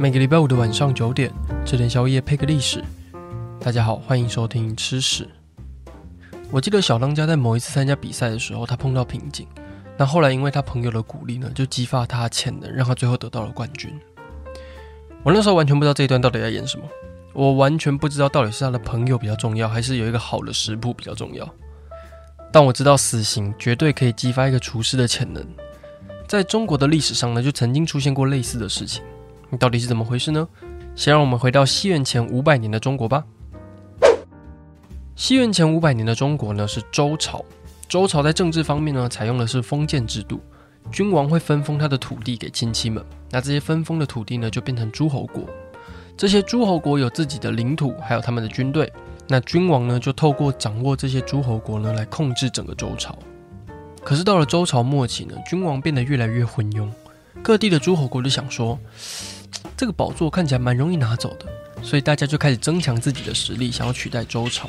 每個禮拜五的晚上九點，吃點宵夜配個歷史。大家好，歡迎收聽吃史。我記得小當家在某一次參加比賽的時候，他碰到瓶頸。那後來因為他朋友的鼓勵呢，就激發他潛能，讓他最後得到了冠軍。我那時候完全不知道這一段到底在演什麼，我完全不知道到底是他的朋友比較重要，還是有一個好的食譜比較重要。但我知道，死刑絕對可以激發一個廚師的潛能。在中國的歷史上呢，就曾經出現過類似的事情。到底是怎麼回事呢？先讓我們回到西元前五百年的中國吧。西元前五百年的中國呢，是周朝。周朝在政治方面呢，採用的是封建制度，君王會分封他的土地給親戚們。那這些分封的土地呢，就變成諸侯國。這些諸侯國有自己的領土，還有他們的軍隊。那君王呢，就透過掌握這些諸侯國呢，來控制整個周朝。可是到了周朝末期呢，君王變得越來越昏庸，各地的諸侯國就想說，這個寶座看起來蠻容易拿走的，所以大家就開始增強自己的實力，想要取代周朝。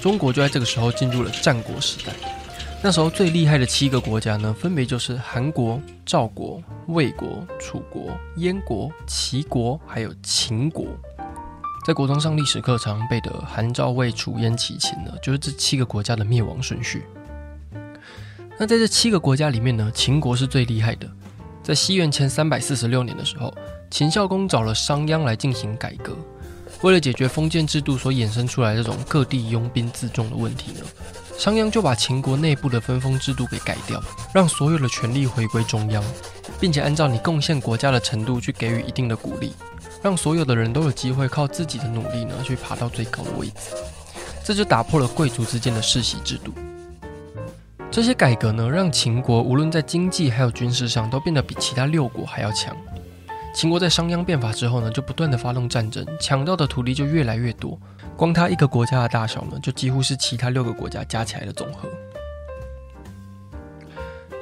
中國就在這個時候進入了戰國時代。那時候最厲害的七個國家呢，分別就是韓國、趙國、魏國、楚國、燕國、齊國，還有秦國。在國中上歷史課常背的“韓趙魏楚燕齊秦”呢，就是這七個國家的滅亡順序。那在這七個國家裡面呢，秦國是最厲害的。在西元前三百四十六年的時候，秦孝公找了商鞅來進行改革。為了解決封建制度所衍生出來這種各地擁兵自重的問題呢，商鞅就把秦國內部的分封制度給改掉，讓所有的權力回歸中央，並且按照你貢獻國家的程度去給予一定的鼓勵，讓所有的人都有機會靠自己的努力呢去爬到最高的位置。這就打破了貴族之間的世襲制度。這些改革呢，讓秦國無論在經濟還有軍事上，都變得比其他六國還要強。秦國在商鞅變法之後呢，就不斷的發動戰爭，搶到的土地就越來越多，光他一個國家的大小呢，就幾乎是其他六個國家加起來的總和。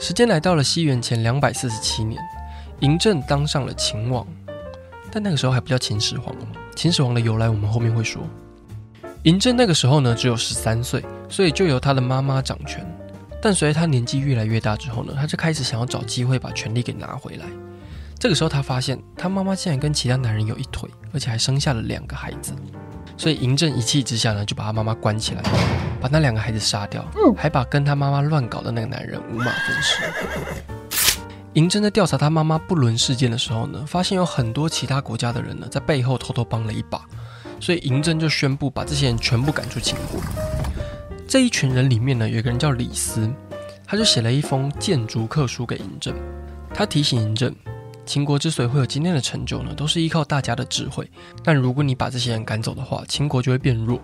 時間來到了西元前兩百四十七年，嬴政當上了秦王，但那個時候還不叫秦始皇，秦始皇的由來我們後面會說。嬴政，那個時候呢，只有十三歲，所以就由他的媽媽掌權。但隨着他年紀越來越大之後呢，他就開始想要找機會把權力給拿回來。這個時候，他發現他媽媽竟然跟其他男人有一腿，而且還生下了兩個孩子。所以嬴政一氣之下呢，就把他媽媽關起來，把那兩個孩子殺掉，還把跟他媽媽亂搞的那個男人五馬分屍。嬴政、嗯、在調查他媽媽不倫事件的時候呢，發現有很多其他國家的人呢在背後偷偷幫了一把，所以嬴政就宣布把這些人全部趕出秦國。這一群人裡面呢，有一個人叫李斯，他就寫了一封諫逐客書給嬴政。他提醒嬴政，秦國之所以會有今天的成就呢，都是依靠大家的智慧。但如果你把這些人趕走的話，秦國就會變弱。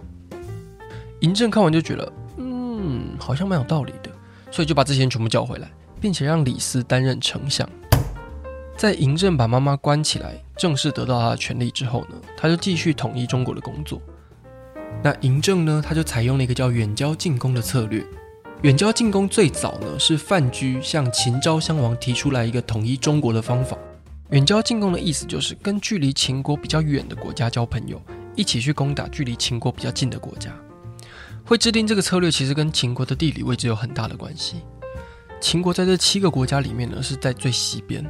嬴政看完就覺得，嗯，好像蠻有道理的，所以就把這些人全部叫回來，並且讓李斯擔任丞相。在嬴政把媽媽關起來，正式得到他的權力之後呢，他就繼續統一中國的工作。那嬴政呢？他就採用了一個叫“遠交近攻”的策略。“遠交近攻”最早呢是范雎向秦昭襄王提出來一個統一中國的方法。“遠交近攻”的意思就是跟距離秦國比較遠的國家交朋友，一起去攻打距離秦國比較近的國家。會制定這個策略，其實跟秦國的地理位置有很大的關係。秦國在這七個國家裡面呢，是在最西邊。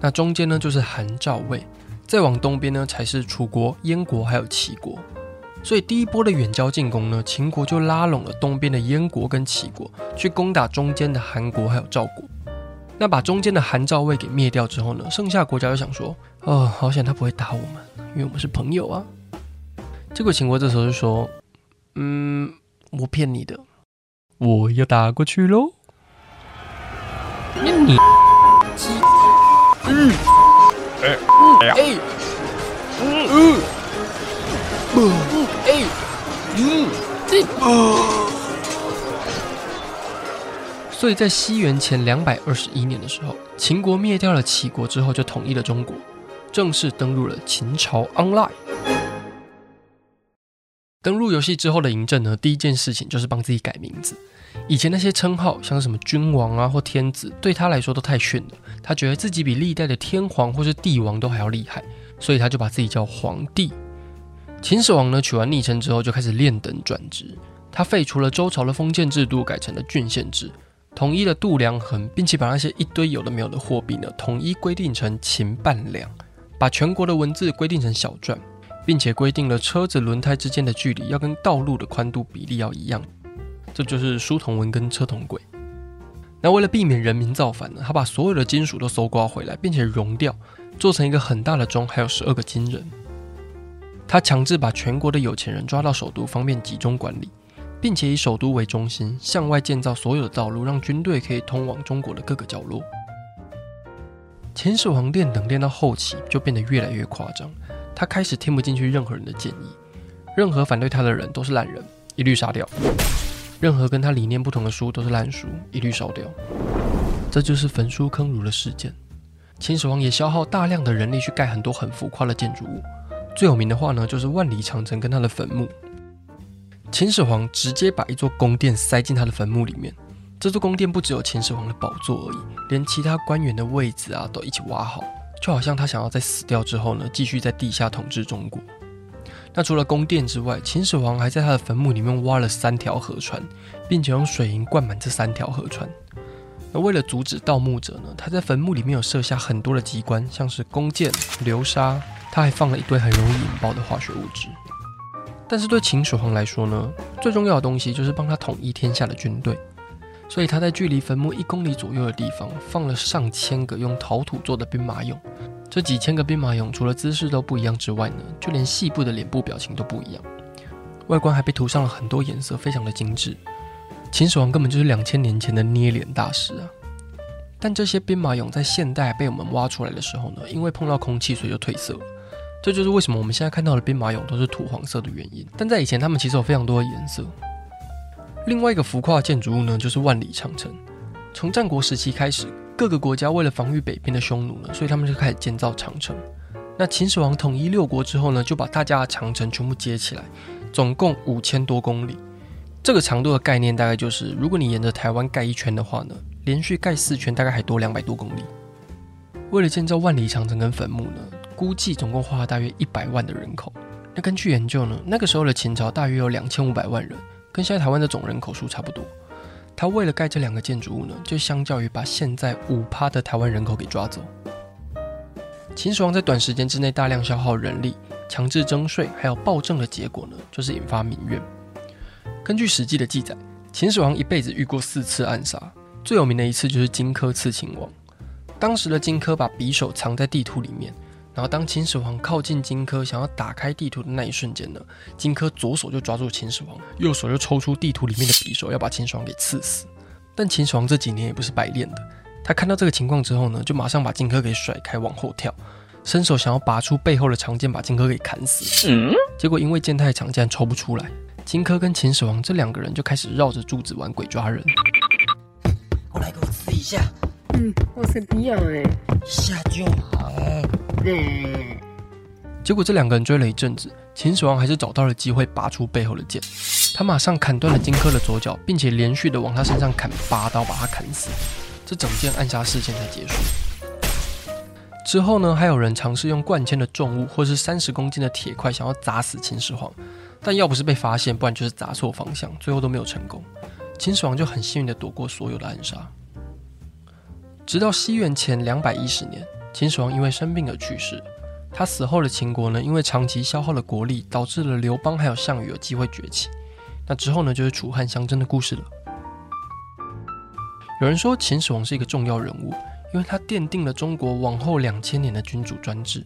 那中間呢就是韓、趙、魏，再往東邊呢才是楚國、燕國還有齊國。所以第一波的遠交近攻呢，秦國就拉攏了東邊的燕國跟齊國，去攻打中間的韓國還有趙國。那把中間的韓趙魏給滅掉之後呢，剩下的國家就想說：哦，好險他不會打我們，因為我們是朋友啊。結果秦國這時候就說：嗯，我騙你的，我要打過去嘍。那你，嗯，哎，哎呀，嗯。所以，在西元前兩百二十一年的時候，秦國滅掉了齊國之後，就統一了中國，正式登入了秦朝 Online。登入遊戲之後的嬴政呢，第一件事情就是幫自己改名字。以前那些稱號，像什麼君王啊或天子，對他來說都太遜了。他覺得自己比歷代的天皇或是帝王都還要厲害，所以他就把自己叫皇帝。秦始皇呢，取完昵稱之後就開始練等轉職。他廢除了周朝的封建制度，改成了郡縣制；統一了度量衡，並且把那些一堆有的沒有的貨幣呢，統一規定成秦半兩；把全國的文字規定成小篆，並且規定了車子輪胎之間的距離要跟道路的寬度比例要一樣，這就是書同文跟車同軌。那為了避免人民造反呢，他把所有的金屬都搜刮回來，並且熔掉，做成一個很大的鐘，還有十二個金人。他強制把全國的有錢人抓到首都，方便集中管理，並且以首都為中心向外建造所有的道路，讓軍隊可以通往中國的各個角落。秦始皇練等練到後期，就變得越來越誇張。他開始聽不進去任何人的建議，任何反對他的人都是爛人，一律殺掉；任何跟他理念不同的書都是爛書，一律燒掉。這就是焚書坑儒的事件。秦始皇也消耗大量的人力去蓋很多很浮誇的建築物。最有名的話呢，就是萬里長城跟他的墳墓。秦始皇直接把一座宮殿塞進他的墳墓裡面，這座宮殿不只有秦始皇的寶座而已，連其他官員的位置啊都一起挖好，就好像他想要在死掉之後呢，繼續在地下統治中國。那除了宮殿之外，秦始皇還在他的墳墓裡面挖了三條河川，並且用水銀灌滿這三條河川。而為了阻止盜墓者呢，他在墳墓裡面有設下很多的機關，像是弓箭、流沙。他還放了一堆很容易引爆的化學物質，但是對秦始皇來說呢，最重要的東西就是幫他統一天下的軍隊，所以他在距離墳墓一公里左右的地方放了上千個用陶土做的兵馬俑。這幾千個兵馬俑除了姿勢都不一樣之外呢，就連細部的臉部表情都不一樣，外觀還被塗上了很多顏色，非常的精緻。秦始皇根本就是兩千年前的捏臉大師啊！但這些兵馬俑在現代被我們挖出來的時候呢，因為碰到空氣，所以就褪色了。這就是為什麼我們現在看到的兵馬俑都是土黃色的原因。但在以前，他們其實有非常多的顏色。另外一個浮誇建築物呢，就是萬里長城。從戰國時期開始，各個國家為了防禦北邊的匈奴呢，所以他們就開始建造長城。那秦始皇統一六國之後呢，就把大家的長城全部接起來，總共五千多公里。這個長度的概念大概就是，如果你沿着台灣蓋一圈的話呢，連續蓋四圈大概還多兩百多公里。為了建造萬里長城跟墳墓呢，估計總共花了大約一百萬的人口。那根據研究呢，那個時候的秦朝大約有兩千五百萬人，跟現在台灣的總人口數差不多。他為了蓋這兩個建築物呢，就相較於把現在五趴的台灣人口給抓走。秦始皇在短時間之內大量消耗人力，強制徵稅，還有暴政的結果呢，就是引發民怨。根據《史記》的記載，秦始皇一輩子遇過四次暗殺，最有名的一次就是荊軻刺秦王。當時的荊軻把匕首藏在地圖裡面。然後，當秦始皇靠近荊軻，想要打開地圖的那一瞬間呢，荊軻左手就抓住秦始皇，右手就抽出地圖裡面的匕首，要把秦始皇給刺死。但秦始皇這幾年也不是白練的，他看到這個情況之後呢，就馬上把荊軻給甩開，往後跳，伸手想要拔出背後的長劍，把荊軻給砍死。結果因為劍太長，竟然抽不出來，荊軻跟秦始皇這兩個人就開始繞着柱子玩鬼抓人、嗯。我來給我刺一下。嗯，我是不樣哎、欸。下就。嗯，結果這兩個人追了一陣子，秦始皇還是找到了機會拔出背後的劍，他馬上砍斷了荊軻的左腳，並且連續的往他身上砍八刀，把他砍死。這整件暗殺事件才結束。之後呢，還有人嘗試用灌鉛的重物或是三十公斤的鐵塊想要砸死秦始皇，但要不是被發現，不然就是砸錯方向，最後都沒有成功。秦始皇就很幸運的躲過所有的暗殺，直到西元前兩百一十年。秦始皇因為生病而去世，他死後的秦國呢，因為長期消耗了國力，導致了劉邦還有項羽有機會崛起。那之後呢，就是楚漢相爭的故事了。有人說秦始皇是一個重要人物，因為他奠定了中國往後兩千年的君主專制。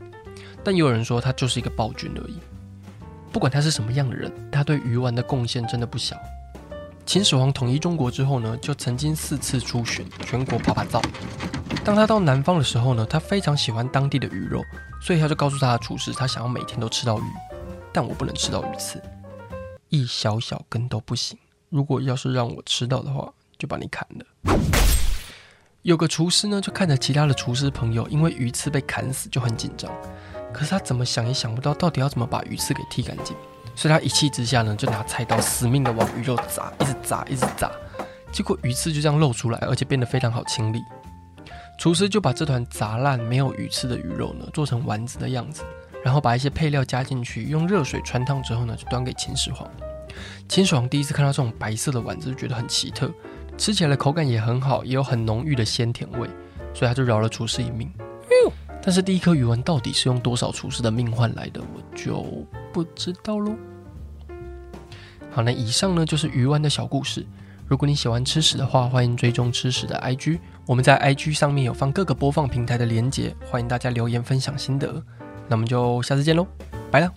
但也有人說他就是一個暴君而已。不管他是什麼樣的人，他對魚丸的貢獻真的不小。秦始皇統一中國之後呢，就曾經四次出巡，全國啪啪造。當他到南方的時候呢，他非常喜歡當地的魚肉，所以他就告訴他的廚師，他想要每天都吃到魚，但我不能吃到魚刺，一小小根都不行。如果要是讓我吃到的話，就把你砍了。有個廚師呢，就看着其他的廚師朋友，因為魚刺被砍死就很緊張，可是他怎麼想也想不到到底要怎麼把魚刺給剔乾淨，所以他一氣之下呢，就拿菜刀死命的往魚肉砸，一直砸，一直砸，結果魚刺就這樣露出來，而且變得非常好清理。廚師就把這團砸爛、沒有魚刺的魚肉呢，做成丸子的樣子，然後把一些配料加進去，用熱水汆燙之後呢，就端給秦始皇。秦始皇第一次看到這種白色的丸子，就覺得很奇特，吃起來的口感也很好，也有很濃郁的鮮甜味，所以他就饒了廚師一命。但是第一顆魚丸到底是用多少廚師的命換來的，我就不知道嘍。好，那以上呢就是魚丸的小故事。如果你喜歡吃史的話，歡迎追蹤吃史的 IG。我們在 IG 上面有放各個播放平台的連結，歡迎大家留言分享心得。那我們就下次見嘍，拜了。